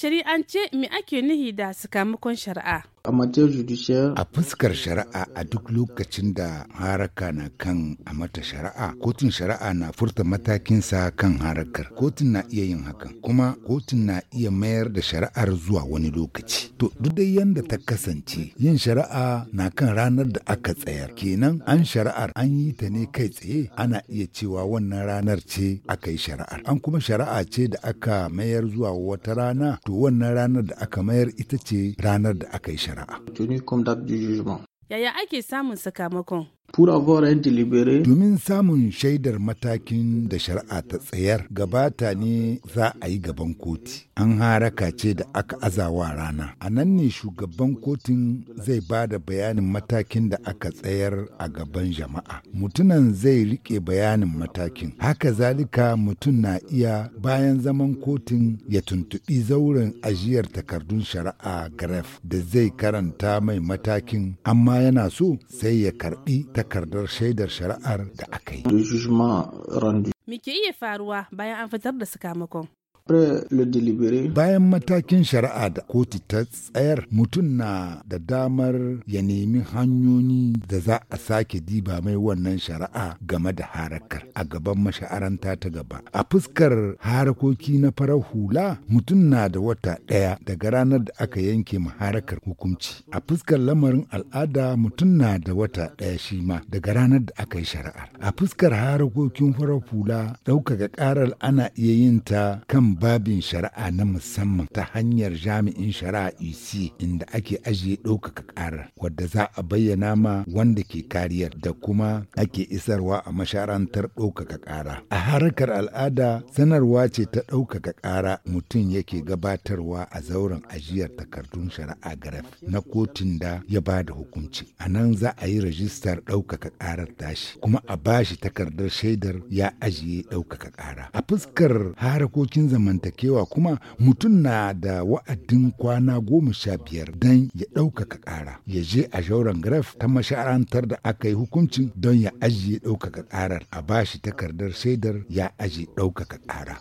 shari'ance me ake nihi da sakamakon shari'a? A a fuskar shari'a a duk lokacin da haraka na kan a mata shari'a, kotun shari'a na furta matakinsa kan harakar. Kotun na iya yin hakan, kuma kotun na iya mayar da shari'ar zuwa wani lokaci. To, duk dai yanda ta kasance, yin shari'a na kan ranar da aka tsayar. Kenan an shari'ar an yi ta ne kai tsaye, ana iya cewa wannan ranar ce aka yi shari'ar. An kuma shari'a ce da aka mayar zuwa wata rana, to wannan ranar da aka mayar ita ce ranar da aka yi shari'ar. shari'a. Yaya ake samun sakamakon? Domin samun shaidar matakin da shari'a ta tsayar gabata ne za a yi gaban koti. An haraka ce da aka azawa rana. A nan ne shugaban kotun zai ba da bayanin matakin da aka tsayar a gaban jama'a. Mutunan zai rike bayanin matakin. Haka zalika mutum na iya bayan zaman kotun ya tuntuɓi zauren ajiyar takardun shari'a gref da zai karanta mai matakin amma yana so sai ya karɓi takardun takardar shaidar shari'ar da aka yi. Me ke iya faruwa bayan an fitar da sakamakon? Bayan matakin shari'a da kotu ta tsayar mutum na da damar ya nemi hanyoyi da za a sake diba mai wannan shari'a game da harakar a gaban masha'aranta ta gaba. A fuskar harakoki na farar hula mutum na da wata ɗaya daga ranar da aka yanke ma harakar hukunci. A fuskar lamarin al'ada mutum na da wata ɗaya shi ma daga ranar da aka yi shari'ar. A fuskar harakokin farar hula ɗaukaka ƙarar ana iya yin ta kan babin shari'a na musamman ta hanyar jami'in shari'a EC inda ake ajiye ɗaukaka ƙarar wadda za a bayyana ma wanda ke kariyar da kuma ake isarwa a masharantar ɗaukaka ƙara. A harkar al'ada sanarwa ce ta ɗaukaka ƙara mutum yake gabatarwa a zauren ajiyar takardun shari'a garaf na kotun da ya ba da hukunci. A nan za a yi rajistar ɗaukaka ƙarar tashi kuma a bashi takardar shaidar ya ajiye ɗaukaka ƙara. A fuskar harakokin zamantakewa kuma mutum na da wa'adin kwana goma sha biyar don ya ɗaukaka ƙara ya je a shauran graf ta masharantar da aka yi hukuncin don ya ajiye ɗaukaka ƙarar a ba shi takardar shaidar ya ajiye ɗaukaka ƙara.